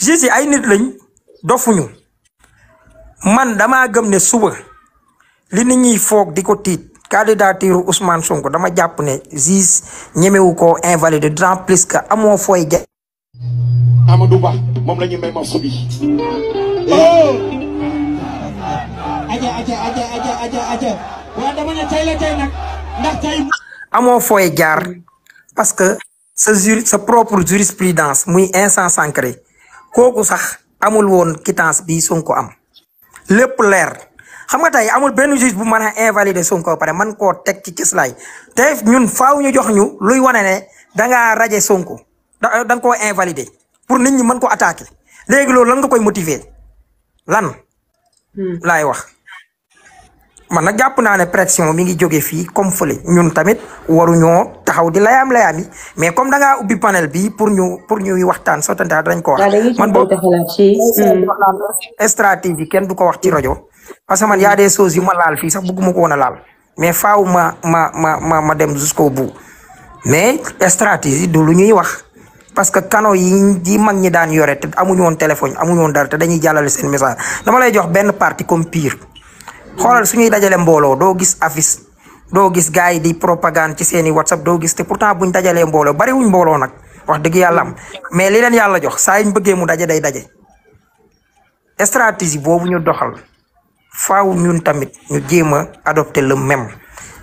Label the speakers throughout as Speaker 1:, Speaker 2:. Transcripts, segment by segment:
Speaker 1: juge ay nit lañ dofuñu man dama gëm ne suba li nit ñuy foog di ko tiit candidature Ousmane Sonko dama jàpp ne juge ñemewu ko invalidé d'autant plus que amoo fooy ge Amadou Ba jaar parce que sa jur sa propre jurisprudence muy instant sancré kooku sax amul woon quittance bi Sonko am lépp leer xam nga tey amul benn juge bu mën a invalider Sonko pare man koo teg ci cëslaay te ñun faaw ñu jox ñu luy wane ne da ngaa raje Sonko da nga koo invalider pour nit ñi mën ko attaquer léegi loolu lan nga koy motiver lan hmm. laay wax. man nag jàpp naa ne pression mi ngi jóge fii comme fële ñun tamit waruñoo taxaw di layaam layaam yi mais comme danga ubbi panel bi pour ñu pour ñuy waxtaan sotantaa dañ ko wax. man boo euh, stratégie kenn du ko wax ci mm. rajo parce que man y a des choses yu ma laal fii sax bëgguma ko woon a laal mais faaw ma ma ma ma ma dem jusqu'au bu mais stratégie du lu ñuy wax. parce que canaux yi yi mag ñi daan yore te amuñu woon téléphone amuñu woon dara dañuy jàllale seen message dama lay jox benn parti comme pire xoolal su ñuy dajale mbooloo doo gis affiche doo gis gars yi di propagande ci seeni whatsapp doo gis te pourtant ñu dajalee mbooloo bariwuñ mbooloo nag wax dëgg yàlla am mais li leen yàlla jox saa yiñ bëggee mu daje day daje stratégie boobu ñu doxal faw ñun tamit ñu jéem a adopté le même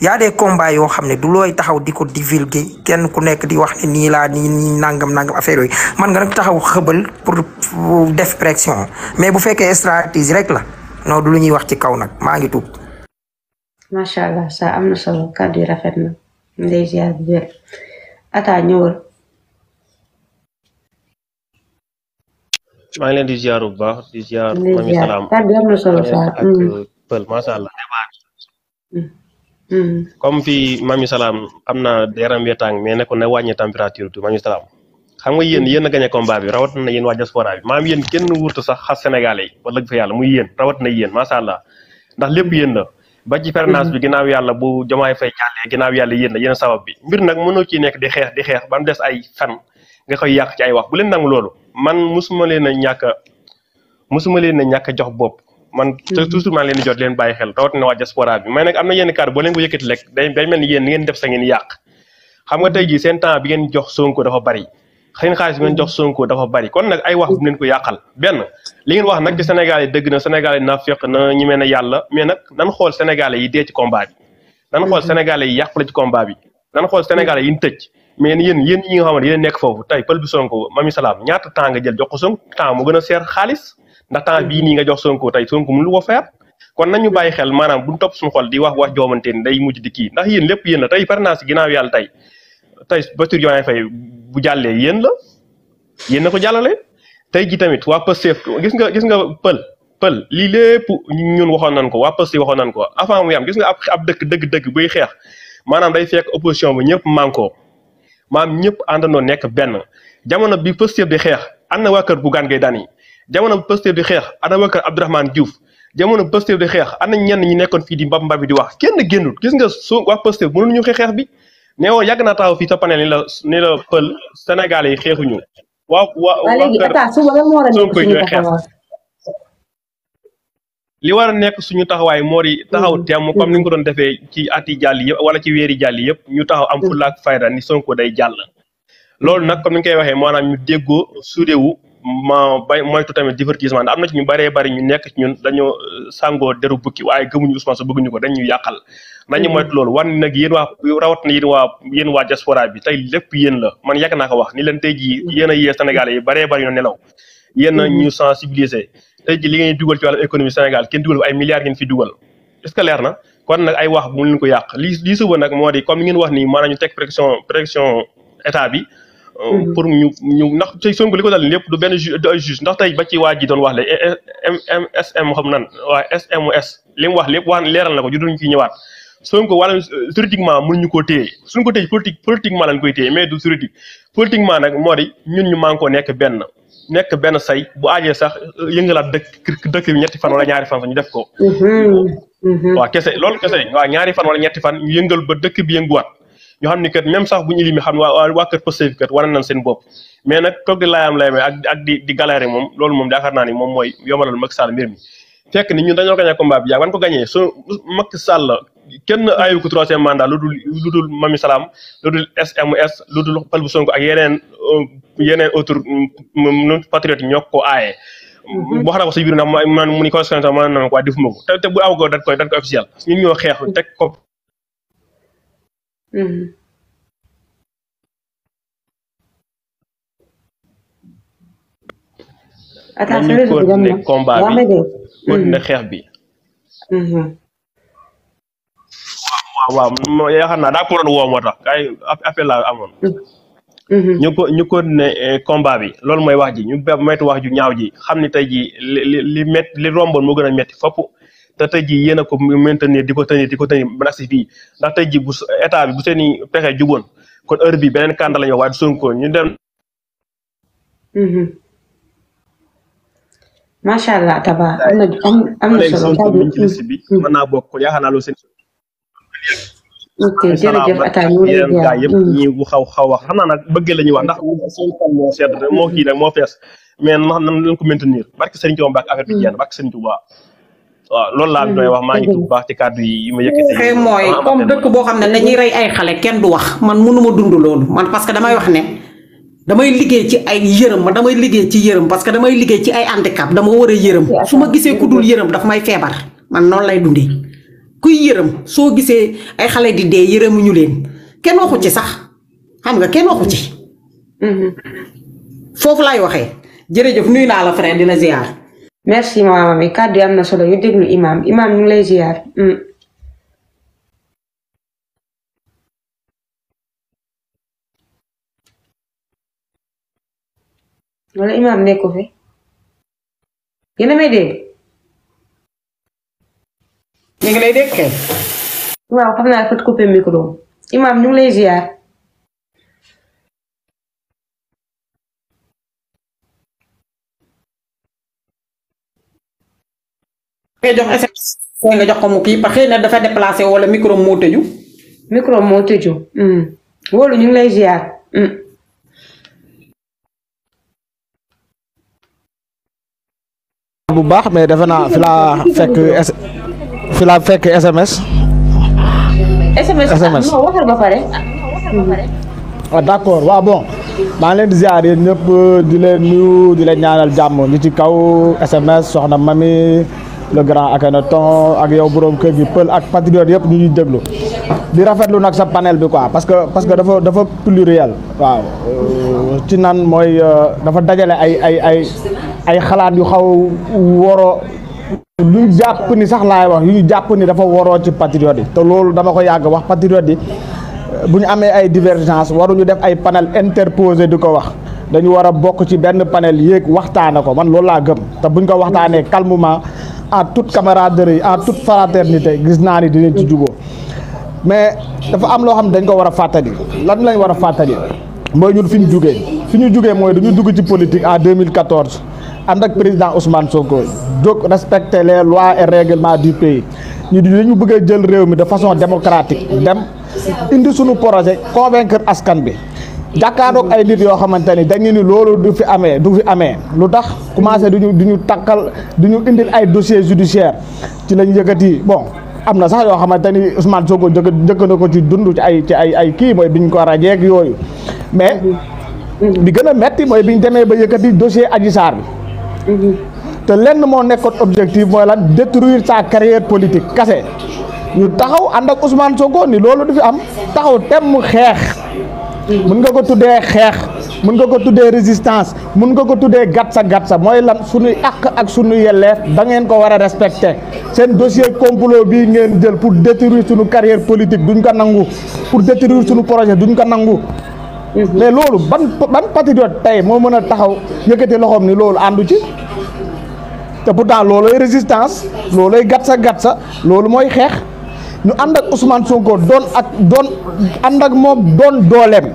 Speaker 1: y a des yoo xam ne du looy taxaw di ko divulguer kenn ku nekk di wax ne nii laa nii nangam nangam affaire yooyu man nga nag taxaw xëbal pour def pression mais bu fekkee stratégie rek la. non du lu ñuy wax ci kaw nag maa ngi tuub. macha allah saa am na solo kàddu yi rafet na ndey ziar bu wér ata ñëwal.
Speaker 2: maa ngi leen di ziar bu baax di ziar. mami salaam kàddu am na solo saa ak mm. uh, pël macha allah. Mm. Mm. comme fii mami salaam am na yaram wetang mais nekkul ne wàññi température mami salaam. xam nga yéen yéen a gañe combat bi rawat na yéen waa diaspora bi maam yéen kenn wurtu sax xas sénégalais yi wala fa yàlla muy yéen rawat na yéen macha allah ndax lépp yéen la ba ci parrainage bi mm-hmm. ginnaaw yàlla bu jamaay fay jàllee yàlla yéen la yéen sabab bi mbir nag mënoo ciy nekk di xeex di xeex ba mu des ay fan nga koy yàq ci ay wax bu leen nangu loolu man musuma leen a ñàkk a musuma leen a ñàkk jox bopp man mm-hmm. toujours maa leen di jot leen bàyyi xel rawat na waa diaspora bi mais nag am na yenn kàddu boo leen ko yëkkati rek day mel ni yéen ni ngeen def sa ngeen yàq xam nga tey jii seen bi ngeen jox Sonko dafa bari xëy na xaalis bi jox Sonko dafa bari kon ay wax bu leen ko yàqal benn li ngeen wax nag ci Sénégal yi dëgg na Sénégal yi naa fekk na ñu mel ne yàlla mais nag nan xool Sénégalais yi dee ci combat bi nan xool Sénégalais yi yàqule ci combat bi yi ñu tëj mais yéen yéen ñi nga xamante yéen nekk foofu tey pël bi Sonko mami salaam ñaata temps nga jël jox ko Sonko temps mu gën a seer xaalis ndax temps bii nii nga jox Sonko tey Sonko mënu ko kon nañu bàyyi xel maanaam buñu topp suñu xol di wax wax joomante ni day mujj di kii ndax yéen lépp yéen la tey parrainage ginnaaw yàlla tey tey Bassirou Diomaye bu jàllee yéen la yéen na ko jàllale tey ji tamit waa Pastef gis nga gis nga pël pël lii lépp ñun waxoon nañ ko waa Pastef waxoon nañ ko avant muy am gis nga ab ab dëkk dëgg-dëgg buy xeex maanaam day fekk opposition bi ñëpp mànkoo maam ñëpp àndandoo nekk benn jamono bi Pastef di xeex ànd na waa kër Bougane Gueye Dany jamono bi Pastef di xeex ànd na waa kër Abdourahmane Diouf jamono Pastef di xeex ànd nañ ñenn ñi nekkoon fii di mbab mbab bi di wax kenn génnut gis nga soo waa xeex bi ne woo yàgg naa taxaw fii sa panel ni la ni la pël Sénégal yi xeexuñu. waaw waaw waaw léegi atta suba lan moo war a nekk suñu taxawaay li war nekk suñu taxawaay moo di taxaw mm. temm comme ni nga ko doon defee ci ati jàll yëpp wala ci weeri jàll yëpp ñu taxaw am fulla ak fayda ni Sonko day jàll. loolu nag comme ni nga koy waxee maanaam ñu déggoo suudewu ma bay moytu tamit divertissement am na ci ñu bëree bari ñu nekk ci ñun dañoo euh, sàngoo deru bukki waaye gëmuñu Ousmane Sonko bëgguñu ko dañu yàqal nañu mm-hmm. moytu loolu wan nag yéen waa rawat na yéen waa yéen waa diaspora bi tey lépp yéen la man yàgg naa ko wax ni leen tey jii mm-hmm. yéen a yee Sénégalais yi bëree bëri ñu nelaw yéen a mm-hmm. li ngeen dugal ci wàllu économie Sénégal kenn dugal ay milliards ngeen fi dugal est-ce leer na kon nag ay wax bu leen ko yàq li lii suba nag moo di comme li ngeen wax nii maanaam ñu teg pression pression état bi Euh, pour ñu ñu ndax tey Sonko li ko dal lépp du benn ju juge ndax tey ba ci waa ji doon wax le MSM e, e, xam nan waa SMS li mu wax lépp wax leeral na ko ju duñ ci ñëwaat Sonko wàllum juridiquement mënuñu ko téye suñ ko téye politique politiquement lañ koy téye mais du juridique politiquement nag moo di ñun ñu man koo nekk benn nekk benn say bu aajee sax euh, yëngalaat dëkk dëkk bi ñetti fan wala ñaari fan sax ñu def ko. Mm-hmm, mm-hmm. waa kese loolu kese waa ñaari fan wala ñetti fan ñu yëngal ba dëkk bi yënguwaat. ñoo xam ni kat même sax bu ñu limi xam ne waa waa kër Pastef kat war nañ seen bopp mais nag toog di laayam laayamee ak di di moom loolu moom yaakaar naa ni moom mooy yombalal Macky Sall mbir mi fekk ni dañoo gagné combat bi yaa wan ko gagné su Macky Sall kenn ayu ko troisième mandat lu dul lu dul Mami Salaam lu dul SMS lu dul Pal bu Sonko ak yeneen euh, yeneen autres euh, patriotes ñoo ko aaye mm-hmm. wax na ko si biir ndax man mu ni conséquence man na ko waa defuma ko te te bu aw ko dat koy dat koy officiel ñun ñoo xeex teg ko Mhm. attention réseau bi dem na combat bi continuer mm-hmm. xeex bi. Mm-hmm. waaw man yaakaar naa daa ko doon woo moo tax ay amoon. Mm-hmm. ñu ko ñu continuer eh, combat bi loolu mooy wax ji ñu moytu wax ju ñaaw ji xam ni tey jii li li li métti li romboon moo gën a metti fopp. te tey ji yéen a ko maintenir di ko tenir di ko tenir ba si ndax tey ji bu état bi bu seen i pexe juboon kon heure bi beneen kànd la ñu wax waaye du ñu dem.
Speaker 3: Mhm.
Speaker 1: macha allah taba am na am na mhm.
Speaker 2: naa bokk yaakaar naa loolu seen. ok jërëjëf Atta ñu ngi lay jaar yëpp mhm. ñi bu xaw xaw wax xam naa nag bëggee la ñuy wax ndax seen xol moo sedd moo kii rek moo fees mais nan ko maintenir barke Serigne Touba ak affaire bi jeex na barke waaw loolu laa doy wax maa ngi tudd baax ci kàddu yi ma yëkkati. xëy mooy comme dëkk boo xam ne dañuy rey ay xale kenn du
Speaker 1: wax man munuma dund loolu man parce que damay wax ne damay liggéey ci ay yërëm ma damay liggéey ci yërëm parce que damay liggéey ci ay handicap dama war a yërëm su ma gisee ku dul yërëm dafa may feebar man noonu lay dundee kuy yërëm soo gisee ay xale di dee yërëmuñu leen kenn waxu ci sax xam nga kenn waxu ci mm-hmm. foofu laay waxee jërëjëf nuyu naa la frère di la merci maama mi kàddu yi na solo yu déglu imaam imaam ñu ngi lay ziar. Mm. wala imaam nekku fi yéen a dégg. ñu lay dégg kay. waaw xam naa fët coupé micro imaam ñu lay ziar. nga jox SMS nga jox na dafa déplacé wala micro moo hmm. hmm.
Speaker 3: bu baax mais defe naa fi laa fekk fi laa fekk SMS.
Speaker 1: SMS SMS ah,
Speaker 3: non ah, d'accord waaw bon maa leen di ziar ñëpp di leen ñaanal jàmm ñu ci kaw SMS soxna mami. le grand Akhenaton ak yow borom kër gi pël ak patriote yëpp ñu ñuy déglu di rafetlu nag sa panel bi quoi parce que parce que dafa dafa pluriel waaw euh, ci nan mooy euh, dafa dajale ay ay ay ay xalaat yu xaw woro lu jàpp ni sax laay wax yu jàpp ni dafa waroo ci patriote yi te loolu dama ko yàgg wax patriote yi bu ñu amee ay divergence ñu def ay panel interposé di ko wax dañu war a bokk ci benn panel yéeg waxtaane ko man loolu laa gëm te buñ ko waxtaanee calmement à toute camaraderie à toute fraternité gis naa ni dinañ ci juboo mais dafa am loo xam ne dañ ko war a fàttali lan lañ war a fàttali mooy ñun fi ñu jugee fi ñu jugee mooy dañu dugg ci politique en 2014 ànd ak président Ousmane Sonko jóg respecter les lois et règlements du pays ñu dañu bëgg jël réew mi de façon démocratique dem indi suñu projet kër askan bi jàkkaaroog ay nit yoo xamante ni dañu ni loolu du fi amee du fi amee lu tax commencé duñu duñu takkal duñu indil ay dossier judiciaire ci lañ yëkkati bon am na sax yoo xamante ni Ousmane Sonko njëkk njëkk na ko ci dundu ci ay ci ay kii mooy biñ ko rajeeg yooyu mais bi gën a metti mooy biñ demee ba yëkkati dossier Adji saar bi te lenn moo nekkoon objectif mooy lan détruire sa carrière politique kase ñu taxaw ànd ak Ousmane Sonko ni loolu du fi am taxaw temm xeex mun nga ko tuddee xeex mën nga ko tuddee résistance mun nga ko tuddee gatsa gatsa mooy lan suñuy àq ak suñu yelleef da ngeen ko war a respecté seen dossier complot bii ngeen jël pour détruire suñu carrière politique duñ ko nangu pour détruire suñu projet duñ ko nangu mhm. mais loolu ban ban patriote tey moo mën a taxaw yëkkati loxoom ni loolu àndu ci te pourtant loolooy résistance loolooy gatsa gatsa loolu mooy xeex ñu ànd ak Ousmane Sonko doon ak doon ànd ak moom doon dooleem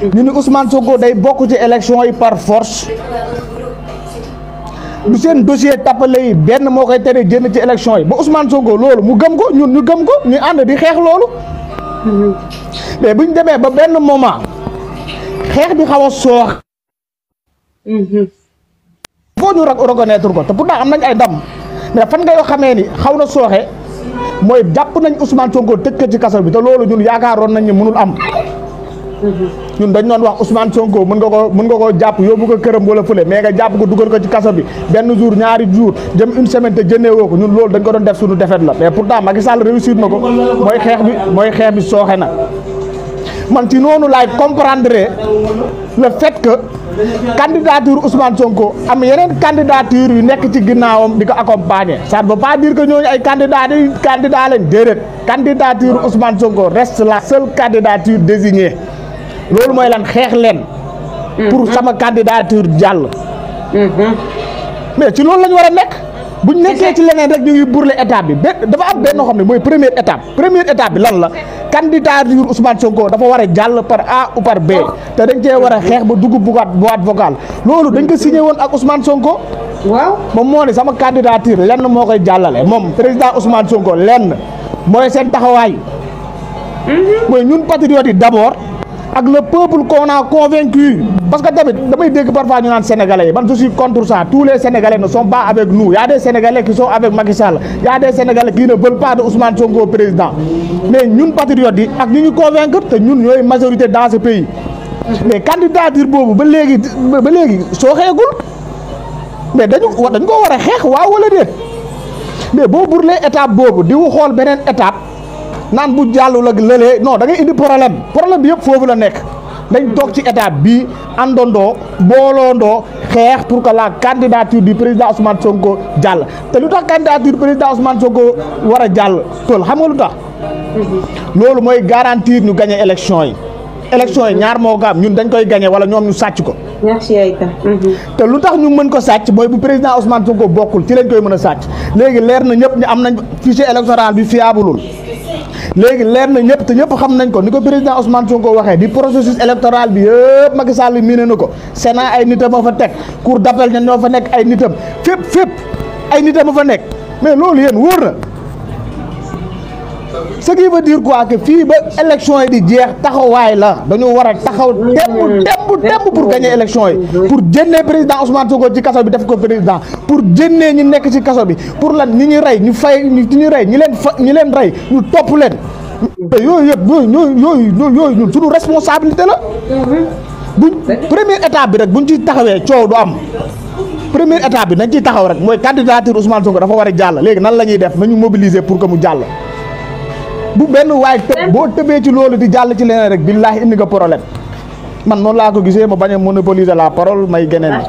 Speaker 3: ñu ni Ousmane Sonko day bokk ci élection yi par force du seen dossier tappale yi benn moo koy tere génn ci élection yi ba Ousmane Sonko loolu mu gëm ko ñu ñu gëm ko ñu ànd di xeex loolu mais bu ñu demee ba benn moment xeex bi xaw a soox foo ñu reconnaître ko te pourtant am nañ ay ndam mais fan nga yoo xamee ni xaw na sooxee mooy jàpp nañ Ousmane Sonko tëj ko ci kaso bi te loolu ñun yaakaaroon nañ ne mënul am ñun dañ doon wax Ousmane Sonko mën nga ko mën nga koo jàpp yóbbu ko këram wala fële mais nga jàpp ko dugal ko ci kaso bi benn jour ñaari jour jëm une semaine te jëndee woo ko ñun loolu dañ ko doon def suñu defet la mais pourtant Macky Sall réussir na ko mooy xeex bi mooy xeex bi sooxe na man ci noonu laay comprendre le fait que. candidature Ousmane Sonko am yeneen candidature yu nekk ci ginnaawam di ko accompagner ça ne veut pas dire que ñooñu ay candidat ay candidat lañ déedéet candidature Ousmane Sonko reste la seule candidature désignée loolu mooy lan xeex leen. Mm-hmm. pour sama candidature jàll. Mm-hmm. mais ci loolu la war a nekk. bu ñu nekkee ci leneen rek ñu ngi burle étape bi benn dafa am benn xam ne mooy première étape première étape bi lan la candidature Ousmane Sonko dafa war a jàll par A ou par B te dañ cee war a xeex ba dugg bugaat boîte vocale loolu dañ ko signé woon ak Ousmane Sonko. waaw moom moo ne sama candidature lenn moo koy jàllale moom président Ousmane Sonko lenn mooy seen taxawaay. Mm-hmm. mooy ñun patriotes yi d'abord. ak le peuple qu'on a convaincu parce que tamit damay dégg parfois ñu naan sénégalais yi man je suis contre ça tous les sénégalais ne sont avec nous y a des sénégalais qui avec Macky Sall y a des sénégalais qui ne veulent pas de Ousmane Sonko président mais ñun patriotes yi ak ñu ñu convaincre te ñun ñooy majorité dans pays mais candidature boobu ba léegi ba léegi soo xeegul mais dañu dañ ko war a xeex waaw wala déet mais boo burlee étape boobu di xool beneen étape. naan bu jàllul ak lëlee non da ngay indi problème problème bi yëpp foofu la nekk dañ toog ci état bi àndandoo booloondoo xeex pour que la candidature du président Ousmane Sonko jàll te lu tax candidature président Ousmane Sonko war a jàll tool xam nga lu tax loolu mooy garantir ñu gagné élection yi élection yi ñaar moo ko ñun dañ koy gagné wala ñoom ñu sàcc ko mhm. te lu tax ñu mën ko sàcc mooy bu président Ousmane Sonko bokkul ci lañ koy mën a sàcc léegi leer na ñëpp ñu am nañ fichier électoral bi fiabulul léegi leer na ñëpp te ñëpp xam nañ ko ni ko président Ousmane Sonko waxee di processus électoral bi yëpp Macky Sall ne na ko Sénat ay nitam a fa teg cour d'appel ña ñoo fa nekk ay nitam fépp fépp ay nitam a fa nekk mais loolu yéen wóor na ce qui veut dire fii ba élection yi di jeex taxawaay la dañu war a taxaw temm temm taxaw temb pour gagner élection yi pour génnee président Ousmane Sonko ci kaso bi def ko président pour génnee ñu nekk ci kaso bi pour lan ñi ñu rey ñu fay ñu ñu rey ñi leen fa ñi leen rey ñu topp leen yooyu yëpp yooyu yooyu yooyu ñun suñu responsabilité la mhm. buñ première étape bi rek bu ñu ci taxawee coow du am première étape bi nañ ciy taxaw rek mooy candidature Ousmane Sonko dafa war a jàll léegi nan la ñuy def nañu mobiliser pour que mu jàll bu benn waaye tëb boo tëbee ci loolu di jàll ci leneen rek billaahi indi nga problème man noon laa ko gisee ma bañ a monopoliser la parole may geneen